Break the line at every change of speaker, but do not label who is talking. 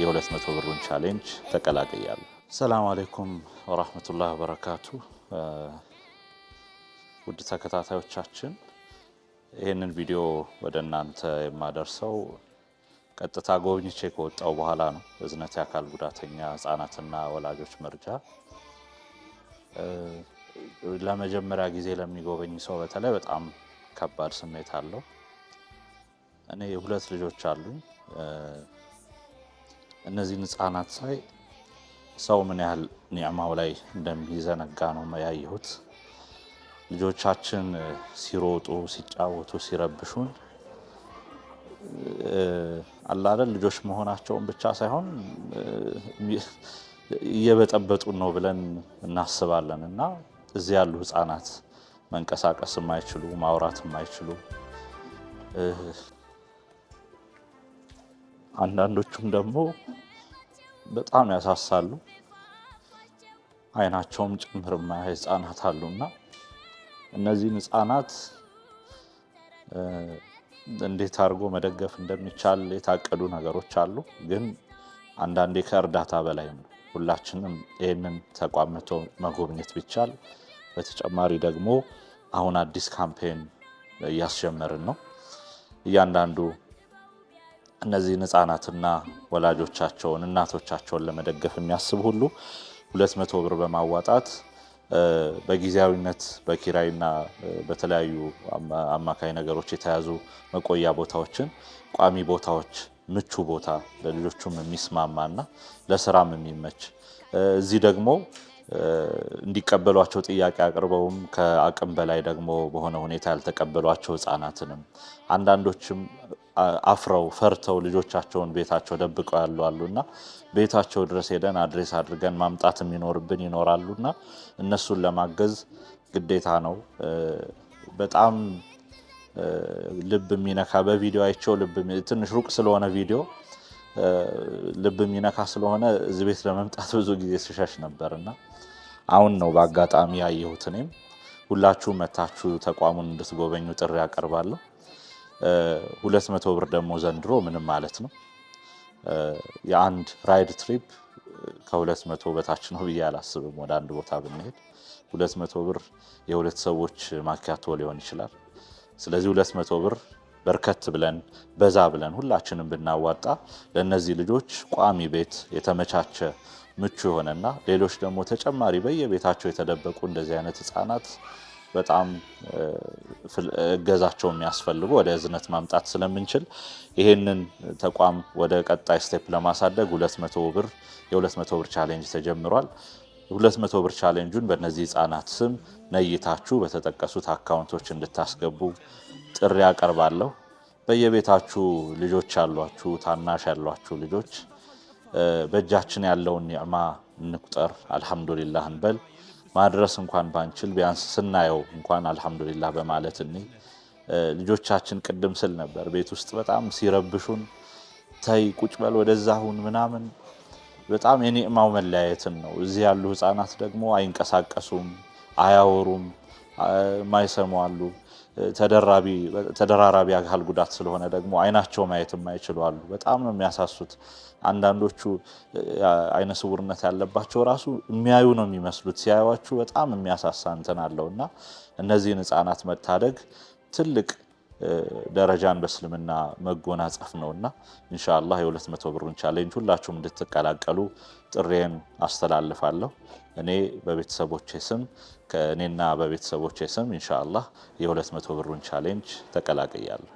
የ200 ብሩን ቻሌንጅ ተቀላቅያሉ። ሰላም አሌይኩም ወራህመቱላህ ወበረካቱ። ውድ ተከታታዮቻችን ይህንን ቪዲዮ ወደ እናንተ የማደርሰው ቀጥታ ጎብኝቼ ከወጣው በኋላ ነው። እዝነት የአካል ጉዳተኛ ህጻናትና ወላጆች መርጃ ለመጀመሪያ ጊዜ ለሚጎበኝ ሰው በተለይ በጣም ከባድ ስሜት አለው። እኔ ሁለት ልጆች አሉኝ። እነዚህን ህጻናት ሳይ ሰው ምን ያህል ኒዕማው ላይ እንደሚዘነጋ ነው ያየሁት። ልጆቻችን ሲሮጡ፣ ሲጫወቱ፣ ሲረብሹን አላደል ልጆች መሆናቸውን ብቻ ሳይሆን እየበጠበጡን ነው ብለን እናስባለን እና እዚህ ያሉ ህፃናት መንቀሳቀስ የማይችሉ ማውራት የማይችሉ አንዳንዶቹም ደግሞ በጣም ያሳሳሉ። አይናቸውም ጭምር ማያ ህፃናት አሉና እነዚህን ህፃናት እንዴት አድርጎ መደገፍ እንደሚቻል የታቀዱ ነገሮች አሉ። ግን አንዳንዴ ከእርዳታ በላይ ነው። ሁላችንም ይህንን ተቋም መቶ መጎብኘት ቢቻል፣ በተጨማሪ ደግሞ አሁን አዲስ ካምፔን እያስጀመርን ነው እያንዳንዱ እነዚህን ህፃናትና ወላጆቻቸውን እናቶቻቸውን ለመደገፍ የሚያስብ ሁሉ 200 ብር በማዋጣት በጊዜያዊነት በኪራይና በተለያዩ አማካይ ነገሮች የተያዙ መቆያ ቦታዎችን ቋሚ ቦታዎች፣ ምቹ ቦታ ለልጆቹም የሚስማማና ለስራም የሚመች እዚህ ደግሞ እንዲቀበሏቸው ጥያቄ አቅርበውም ከአቅም በላይ ደግሞ በሆነ ሁኔታ ያልተቀበሏቸው ህፃናትንም አንዳንዶችም አፍረው ፈርተው ልጆቻቸውን ቤታቸው ደብቀው ያሉ አሉና ቤታቸው ድረስ ሄደን አድሬስ አድርገን ማምጣት የሚኖርብን ይኖራሉና እነሱን ለማገዝ ግዴታ ነው። በጣም ልብ የሚነካ በቪዲዮ አይቸው ትንሽ ሩቅ ስለሆነ ቪዲዮ ልብ የሚነካ ስለሆነ እዚህ ቤት ለመምጣት ብዙ ጊዜ ስሸሽ ነበር እና አሁን ነው በአጋጣሚ ያየሁት። እኔም ሁላችሁ መታችሁ ተቋሙን እንድትጎበኙ ጥሪ አቀርባለሁ። ሁለት መቶ ብር ደግሞ ዘንድሮ ምንም ማለት ነው። የአንድ ራይድ ትሪፕ ከሁለት መቶ በታች ነው ብዬ አላስብም። ወደ አንድ ቦታ ብንሄድ ሁለት መቶ ብር የሁለት ሰዎች ማኪያቶ ሊሆን ይችላል። ስለዚህ ሁለት መቶ ብር በርከት ብለን በዛ ብለን ሁላችንም ብናዋጣ ለእነዚህ ልጆች ቋሚ ቤት የተመቻቸ ምቹ የሆነና ሌሎች ደግሞ ተጨማሪ በየቤታቸው የተደበቁ እንደዚህ አይነት ህፃናት በጣም እገዛቸው የሚያስፈልጉ ወደ እዝነት ማምጣት ስለምንችል ይህንን ተቋም ወደ ቀጣይ ስቴፕ ለማሳደግ ብር የ200 ብር ቻሌንጅ ተጀምሯል። 200 ብር ቻሌንጁን በእነዚህ ህጻናት ስም ነይታችሁ በተጠቀሱት አካውንቶች እንድታስገቡ ጥሪ አቀርባለሁ። በየቤታችሁ ልጆች ያሏችሁ፣ ታናሽ ያሏችሁ ልጆች በእጃችን ያለውን ኒዕማ እንቁጠር፣ አልሐምዱሊላህ እንበል። ማድረስ እንኳን ባንችል ቢያንስ ስናየው እንኳን አልሐምዱሊላህ በማለት እኔ ልጆቻችን ቅድም ስል ነበር ቤት ውስጥ በጣም ሲረብሹን ተይ ቁጭ በል ወደዛሁን ምናምን በጣም የኒዕማው መለያየትን ነው። እዚህ ያሉ ህፃናት ደግሞ አይንቀሳቀሱም፣ አያወሩም፣ ማይሰሙ አሉ። ተደራራቢ አካል ጉዳት ስለሆነ ደግሞ አይናቸው ማየት የማይችሉ አሉ። በጣም ነው የሚያሳሱት። አንዳንዶቹ አይነ ስውርነት ያለባቸው ራሱ የሚያዩ ነው የሚመስሉት። ሲያዩዋችሁ በጣም የሚያሳሳ እንትን አለው እና እነዚህን ህፃናት መታደግ ትልቅ ደረጃን በእስልምና መጎናጸፍ ነውና እንሻላ የሁለት መቶ ብሩን ቻሌንጅ ሁላችሁም እንድትቀላቀሉ ጥሬን አስተላልፋለሁ። እኔ በቤተሰቦቼ ስም ከእኔና በቤተሰቦቼ ስም እንሻላ የሁለት መቶ ብሩን ቻሌንጅ ተቀላቅያለሁ።